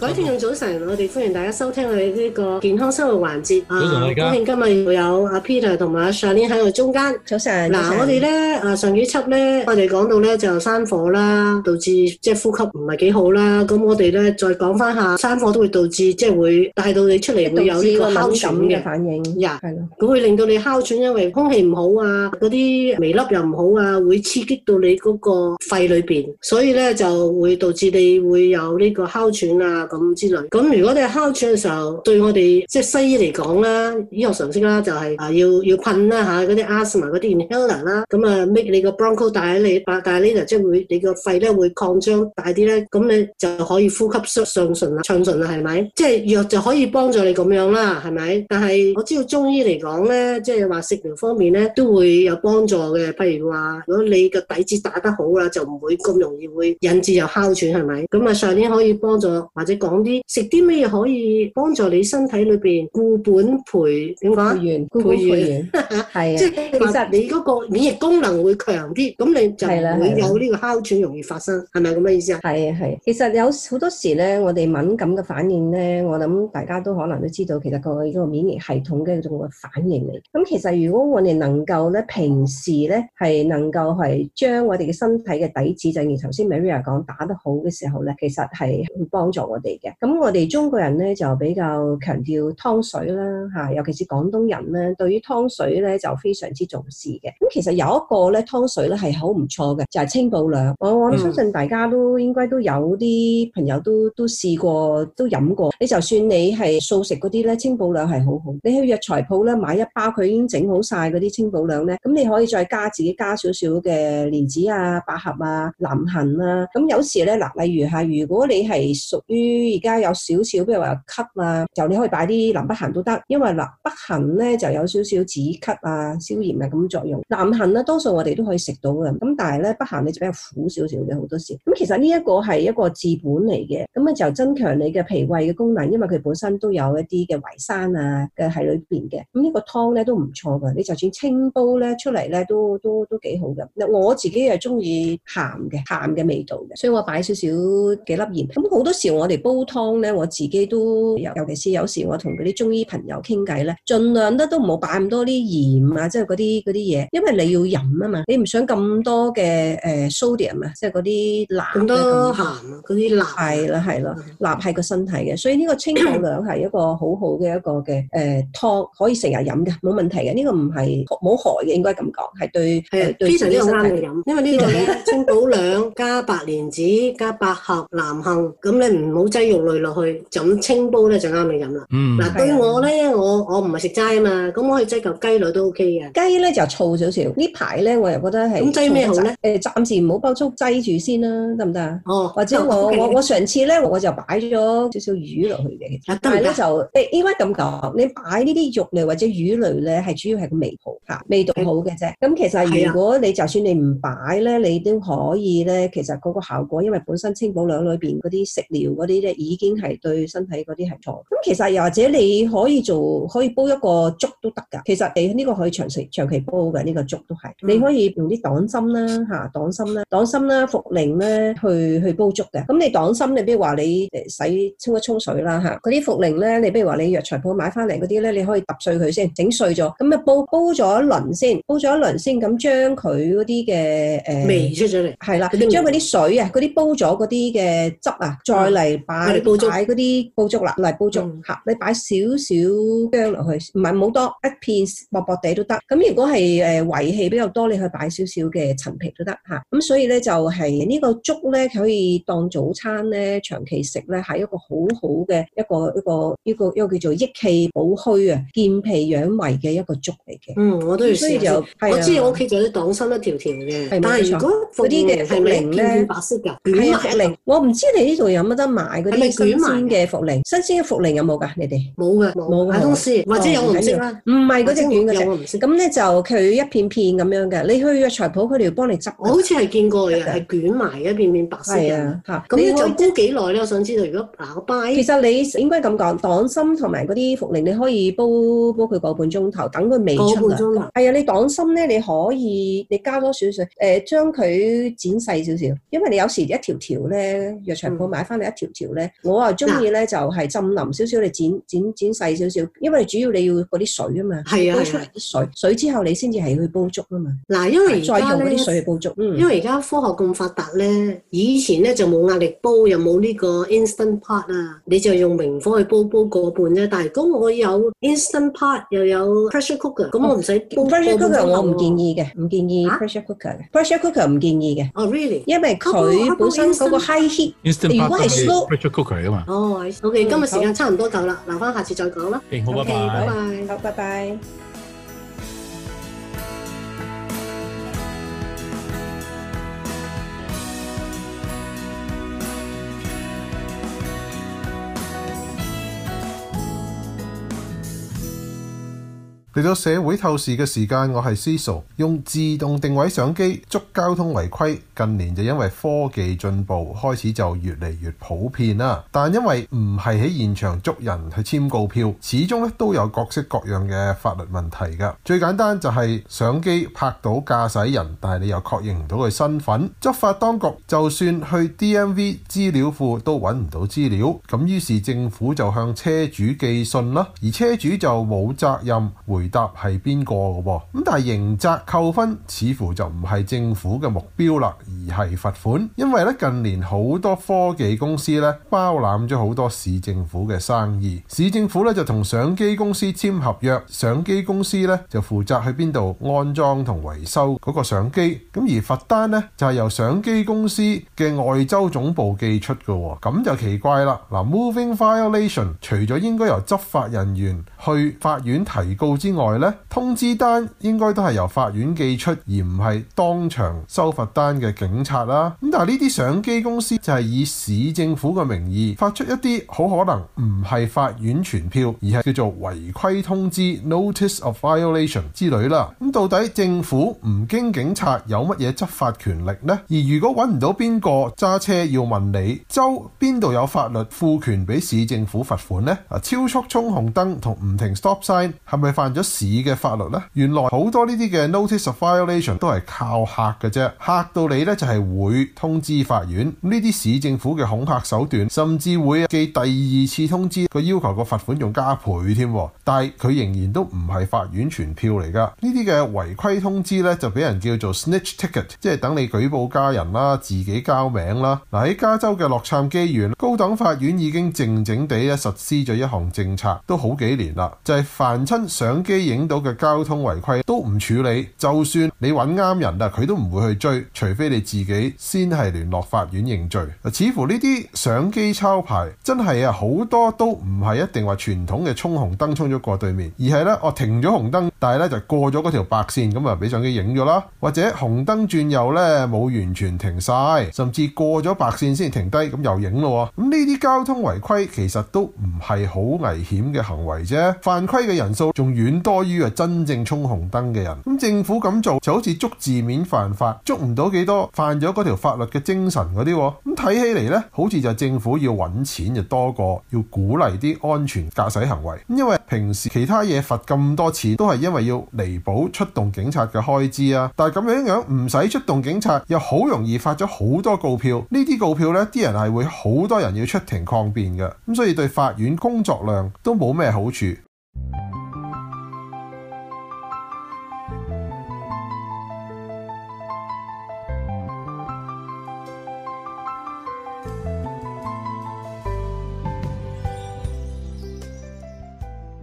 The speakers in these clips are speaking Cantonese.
各位聽眾早晨，我哋歡迎大家收聽我哋呢個健康生活環節。早晨，歡迎今日又有阿 Peter 同埋阿 Sharon 喺我哋中間。早晨，嗱，我哋咧，啊，上幾輯咧，我哋講到咧就山火啦，導致即係呼吸唔係幾好啦。咁我哋咧再講返下，山火都會導致即係會帶到你出嚟會有呢個哮喘嘅反應。呀，係咯，咁會令到你哮喘，因為空氣唔好啊，嗰啲微粒又唔好啊，會刺激到你嗰個肺裏面，所以咧就會導致你會有呢個哮喘啊。咁之類，咁如果你係哮喘嘅時候，對我哋即係西醫嚟講啦，醫學常識啦、啊，就係啊要要噴啦嗰啲 asthma 嗰啲 inhaler 啦，咁啊 make 你個 broncho 大喺你大啲即係會你個肺咧會擴張大啲咧，咁你就可以呼吸上順啦，上順啦，係咪？即係、就是、藥就可以幫助你咁樣啦，係咪？但係我知道中醫嚟講咧，即係話食療方面咧都會有幫助嘅，譬如話如果你個底子打得好啦，就唔會咁容易會引致有哮喘，係咪？咁啊上年可以幫助或者。講啲食啲咩嘢可以幫助你身體裏邊固本培點講？固本培元啊，即係其實你嗰個免疫功能會強啲，咁、啊、你就唔會有呢個哮喘容易發生，係咪咁嘅意思啊？係啊係、啊啊啊啊，其實有好多時咧，我哋敏感嘅反應咧，我諗大家都可能都知道，其實佢嗰個免疫系統嘅一種嘅反應嚟。咁其實如果我哋能夠咧，平時咧係能夠係將我哋嘅身體嘅底子，就如頭先 Maria 講打得好嘅時候咧，其實係會幫助我哋。咁，我哋中國人呢，就比較強調湯水啦，嚇，尤其是廣東人呢，對於湯水呢，就非常之重視嘅。咁其實有一個呢，湯水呢係好唔錯嘅，就係、是、清補涼。我、嗯、我相信大家都應該都有啲朋友都都試過都飲過。你就算你係素食嗰啲呢，清補涼係好好。你去藥材鋪呢買一包，佢已經整好晒嗰啲清補涼呢。咁你可以再加自己加少少嘅蓮子啊、百合啊、南杏啊。咁有時呢，嗱，例如嚇，如果你係屬於而家有少少，比如話有咳啊，就你可以擺啲南北杏都得，因為南北杏咧就有少少止咳啊、消炎啊咁作用。南杏咧多數我哋都可以食到嘅，咁但係咧北杏你就比較苦少少嘅，好多時。咁其實呢一個係一個治本嚟嘅，咁啊就增強你嘅脾胃嘅功能，因為佢本身都有一啲嘅淮山啊嘅喺裏邊嘅。咁呢個湯咧都唔錯㗎，你就算清煲咧出嚟咧都都都幾好嘅。我自己係中意鹹嘅鹹嘅味道嘅，所以我擺少少幾粒鹽。咁好多時我哋煲煲湯咧，我自己都尤尤其是有時我同嗰啲中醫朋友傾偈咧，盡量得都唔好擺咁多啲鹽啊，即係嗰啲嗰啲嘢，因為你要飲啊嘛，你唔想咁多嘅，誒、呃、sodium 啊，即係嗰啲鈉鹹啊，嗰啲鈉係啦係啦，鈉係、嗯、個身體嘅，所以呢個清補涼係一個好好嘅一個嘅誒湯，可以成日飲嘅，冇問題嘅，呢、這個唔係冇害嘅，應該咁講，係對係非常之啱嘅飲，因為呢個、就是嗯、清補涼加白蓮子加百合南杏，咁你唔好雞肉類落去就咁清煲咧就啱你飲啦。嗯，嗱、啊、對我咧，我我唔係食齋啊嘛，咁我可以擠嚿雞類都 O K 嘅。雞咧就燥少少。呢排咧我又覺得係。咁擠咩好咧？誒、欸，暫時唔好包速擠住先啦、啊，得唔得啊？哦。或者我、哦 okay. 我我上次咧我就擺咗少少魚落去嘅、啊。但係咧就誒，應該咁講，你擺呢啲肉類或者魚類咧，係主要係個味道嚇，味道好嘅啫。咁、欸、其實如果你就算你唔擺咧，你都可以咧，其實嗰個效果，因為本身清補涼裏面嗰啲食料嗰啲已經係對身體嗰啲係錯。咁其實又或者你可以做，可以煲一個粥都得㗎。其實你呢個可以長食長期煲嘅呢個粥都係、嗯。你可以用啲黨參啦嚇，黨參啦，黨參啦，茯苓咧去去煲粥嘅。咁你黨參，你比如話你洗清一沖水啦嚇。嗰啲茯苓咧，你比如話你藥材鋪買翻嚟嗰啲咧，你可以揼碎佢先，整碎咗。咁咪煲煲咗一輪先，煲咗一輪先咁將佢嗰啲嘅誒味出咗嚟。係、呃、啦，你將佢啲水啊，嗰啲煲咗嗰啲嘅汁啊，再嚟。嗯。你擺嗰啲煲粥啦，嚟煲粥嚇，你擺、嗯、少少姜落去，唔係冇多一片薄薄地都得。咁如果係誒胃氣比較多，你去擺少少嘅陳皮都得嚇。咁所以咧就係呢個粥咧，可以當早餐咧，長期食咧係一個很好好嘅一個一個呢個一個,一個叫做益氣補虛啊，健脾養胃嘅一個粥嚟嘅。嗯，我都要試下所以就係、啊。我知我屋企仲有啲黨蔘一條條嘅，但係如果嗰啲嘅係茯苓咧，是是片片白色㗎，係白茯苓。我唔知你呢度有乜得買的。係咪新鮮嘅茯苓？新鮮嘅茯苓有冇㗎？你哋冇嘅，冇嘅。啞公師或者有紅色啦，唔係嗰嘅，不有蒙蒙卷嗰隻。咁咧就佢一片片咁樣嘅。你去藥材鋪，佢哋幫你執。我好似係見過嘅，係捲埋一片片白色嘅。啊，嚇咁。嗯、要呢個煲幾耐咧？我想知道。如果咬跛，其實你應該咁講，黨參同埋嗰啲茯苓，你可以煲煲佢個半鐘頭，等佢味出半鐘頭。係、嗯、啊，你黨參咧，你可以你加多少少？誒，將佢剪細少少，因為你有時一條條咧，藥材鋪買翻嚟一條條。我啊中意咧就係浸腍少少，你剪剪剪細少少，因為主要你要嗰啲水嘛啊嘛，煲出嚟啲水，水之後你先至係去煲粥啊嘛。嗱，因為再用嗰啲水去煲粥，嗯、因為而家科學咁發達咧，以前咧就冇壓力煲，又冇呢個 instant pot 啊，你就用明火去煲煲嗰半啫。但係咁我有 instant pot 又有 pressure cooker，咁我唔使煲、哦、pressure cooker 我唔建議嘅，唔、啊、建議 pressure cooker 嘅、啊、pressure cooker 唔建議嘅。哦、啊、really？因為佢本身嗰個 high heat，如果係 slow 出曲 a 佢啊嘛！哦、oh, okay, okay, 好、okay. 嘅，今日時間差唔多夠啦，留翻下次再講啦。好，拜拜，拜拜，好，拜拜。嚟到社會透視嘅時間，我係 C 叔，用自動定位相機捉交通違規。近年就因為科技進步，開始就越嚟越普遍啦。但因為唔係喺現場捉人去簽告票，始終咧都有各式各樣嘅法律問題噶。最簡單就係、是、相機拍到駕駛人，但係你又確認唔到佢身份，執法當局就算去 DMV 資料庫都揾唔到資料。咁於是政府就向車主寄信啦，而車主就冇責任回答係邊個㗎喎。咁但係刑責扣分似乎就唔係政府嘅目標啦。而係罰款，因為咧近年好多科技公司咧包攬咗好多市政府嘅生意，市政府咧就同相機公司簽合約，相機公司咧就負責去邊度安裝同維修嗰個相機，咁而罰單咧就係由相機公司嘅外州總部寄出嘅，咁就奇怪啦。嗱，Moving violation 除咗應該由執法人員去法院提告之外咧，通知單應該都係由法院寄出，而唔係當場收罰單嘅。警察啦，咁但係呢啲相機公司就係以市政府嘅名義發出一啲好可能唔係法院傳票，而係叫做違規通知 （notice of violation） 之類啦。咁到底政府唔經警察有乜嘢執法權力呢？而如果搵唔到邊個揸車要問你，州邊度有法律賦權俾市政府罰款呢？啊，超速衝紅燈同唔停 stop sign 係咪犯咗市嘅法律呢？原來好多呢啲嘅 notice of violation 都係靠吓嘅啫，嚇到你。咧就係、是、會通知法院，呢啲市政府嘅恐嚇手段，甚至會寄第二次通知，佢要求個罰款仲加倍添。但係佢仍然都唔係法院傳票嚟㗎。呢啲嘅違規通知咧，就俾人叫做 snitch ticket，即係、就是、等你舉報家人啦、自己交名啦。嗱，喺加州嘅洛杉磯縣，高等法院已經靜靜地咧實施咗一項政策，都好幾年啦，就係、是、凡親相機影到嘅交通違規都唔處理，就算你揾啱人啦，佢都唔會去追，除非。哋自己先係聯絡法院認罪。似乎呢啲相機抄牌真係啊，好多都唔係一定話傳統嘅衝紅燈衝咗過對面，而係咧我停咗紅燈，但係咧就過咗嗰條白線，咁啊俾相機影咗啦。或者紅燈轉右咧冇完全停晒，甚至過咗白線先停低，咁又影咯。咁呢啲交通違規其實都唔係好危險嘅行為啫，犯規嘅人數仲遠多於啊真正衝紅燈嘅人。咁政府咁做就好似捉字面犯法，捉唔到幾多。犯咗嗰條法律嘅精神嗰啲，咁睇起嚟，呢，好似就政府要揾錢就多過要鼓勵啲安全駕駛行為。因為平時其他嘢，罰咁多次都係因為要彌補出動警察嘅開支啊。但係咁樣樣唔使出動警察，又好容易發咗好多告票。呢啲告票呢，啲人係會好多人要出庭抗辯嘅，咁所以對法院工作量都冇咩好處。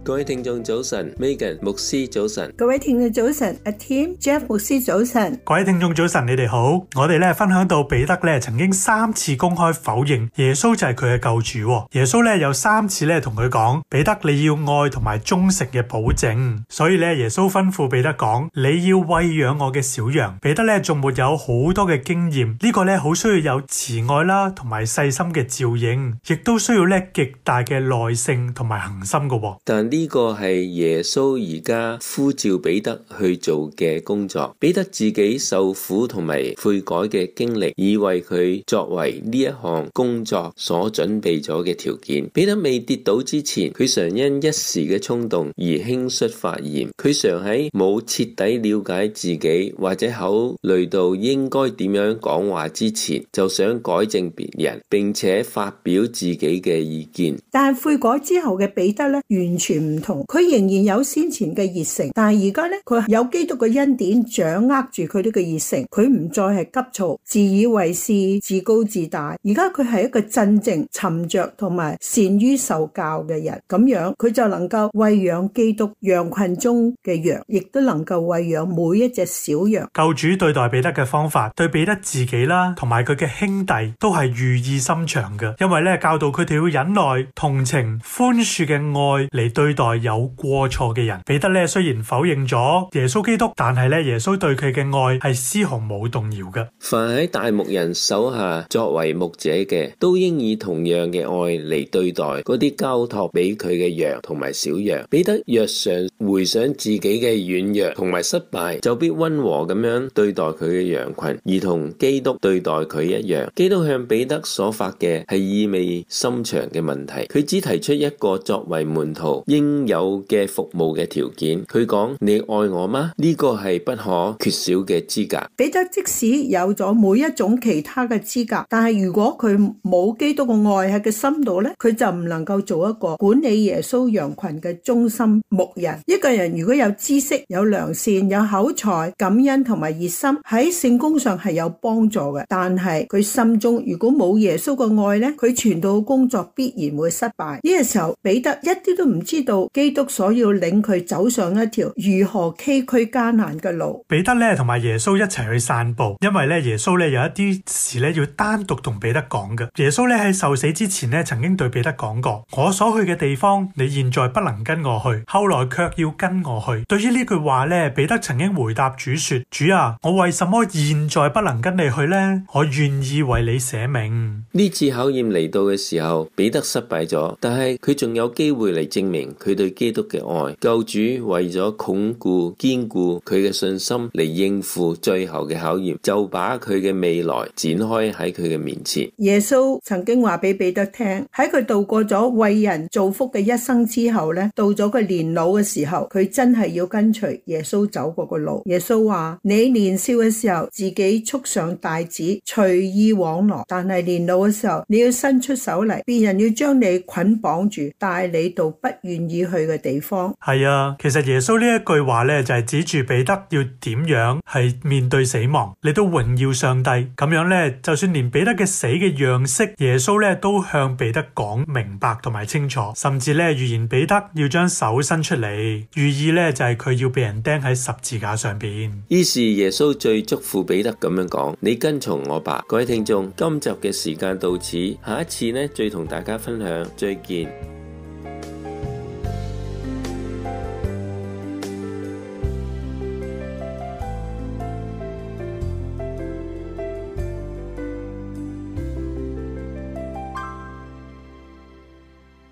各位聽眾早晨，Megan 牧師早晨，各位聽眾早晨，A team Jeff 牧師早晨，各位聽眾早晨，你哋好，我哋咧分享到彼得咧曾經三次公開否認耶穌就係佢嘅救主，耶穌咧有三次咧同佢講，彼得你要愛同埋忠誠嘅保證，所以咧耶穌吩咐彼得講，你要餵養我嘅小羊，彼得咧仲沒有好多嘅經驗，呢個咧好需要有慈愛啦，同埋細心嘅照應，亦都需要咧極大嘅耐性同埋恆心嘅，但係呢。呢個係耶穌而家呼召彼得去做嘅工作。彼得自己受苦同埋悔改嘅經歷，以為佢作為呢一項工作所準備咗嘅條件。彼得未跌倒之前，佢常因一時嘅衝動而輕率發言；佢常喺冇徹底了解自己或者考慮到應該點樣講話之前，就想改正別人，並且發表自己嘅意見。但係悔改之後嘅彼得呢，完全。唔同，佢仍然有先前嘅熱誠，但係而家呢，佢有基督嘅恩典掌握住佢呢個熱誠，佢唔再係急躁、自以為是、自高自大。而家佢係一個鎮靜、沉着同埋善於受教嘅人，咁樣佢就能夠餵養基督羊群中嘅羊，亦都能夠餵養每一隻小羊。救主對待彼得嘅方法，對彼得自己啦，同埋佢嘅兄弟，都係寓意深長嘅，因為咧教導佢哋要忍耐、同情、寬恕嘅愛嚟對。待有過錯嘅人，彼得咧雖然否認咗耶穌基督，但係咧耶穌對佢嘅愛係絲毫冇動搖嘅。凡喺大牧人手下作為牧者嘅，都應以同樣嘅愛嚟對待嗰啲交託俾佢嘅羊同埋小羊。彼得若常回想自己嘅軟弱同埋失敗，就必温和咁樣對待佢嘅羊群，而同基督對待佢一樣。基督向彼得所發嘅係意味深長嘅問題，佢只提出一個作為門徒應。有嘅服務嘅條件，佢講，你愛我嗎？呢個係不可缺少嘅資格。彼得即使有咗每一種其他嘅資格，但係如果佢冇基督嘅愛喺佢心度呢，佢就唔能夠做一個管理耶穌羊群嘅忠心牧人。一個人如果有知識、有良善、有口才、感恩同埋熱心，喺聖工上係有幫助嘅。但係佢心中如果冇耶穌嘅愛呢，佢傳道工作必然會失敗。呢、這個時候，彼得一啲都唔知道。基督所要領佢走上一條如何崎嶇艱難嘅路，彼得咧同埋耶穌一齊去散步，因為咧耶穌咧有一啲事咧要單獨同彼得講嘅。耶穌咧喺受死之前咧曾經對彼得講過：我所去嘅地方，你現在不能跟我去，後來卻要跟我去。對於呢句話咧，彼得曾經回答主說：主啊，我為什麼現在不能跟你去呢？我願意為你捨命。」呢次考驗嚟到嘅時候，彼得失敗咗，但係佢仲有機會嚟證明佢對基督嘅愛，救主為咗鞏固、堅固佢嘅信心嚟應付最後嘅考驗，就把佢嘅未來展開喺佢嘅面前。耶穌曾經話俾彼得聽，喺佢度過咗為人造福嘅一生之後呢，到咗佢年老嘅時候，佢真係要跟隨耶穌走嗰個路。耶穌話：你年少嘅時候自己束上帶子，隨意往來，但係年老嘅時候，你要伸出手嚟，別人要將你捆綁住，帶你到不願意以去嘅地方，係啊，其實耶穌呢一句話呢，就係指住彼得要點樣係面對死亡，你都榮耀上帝。咁樣呢，就算連彼得嘅死嘅樣式，耶穌呢都向彼得講明白同埋清楚，甚至呢預言彼得要將手伸出嚟，寓意呢就係佢要俾人釘喺十字架上邊。於是耶穌最囑咐彼得咁樣講：你跟從我吧。各位聽眾，今集嘅時間到此，下一次呢，再同大家分享，再見。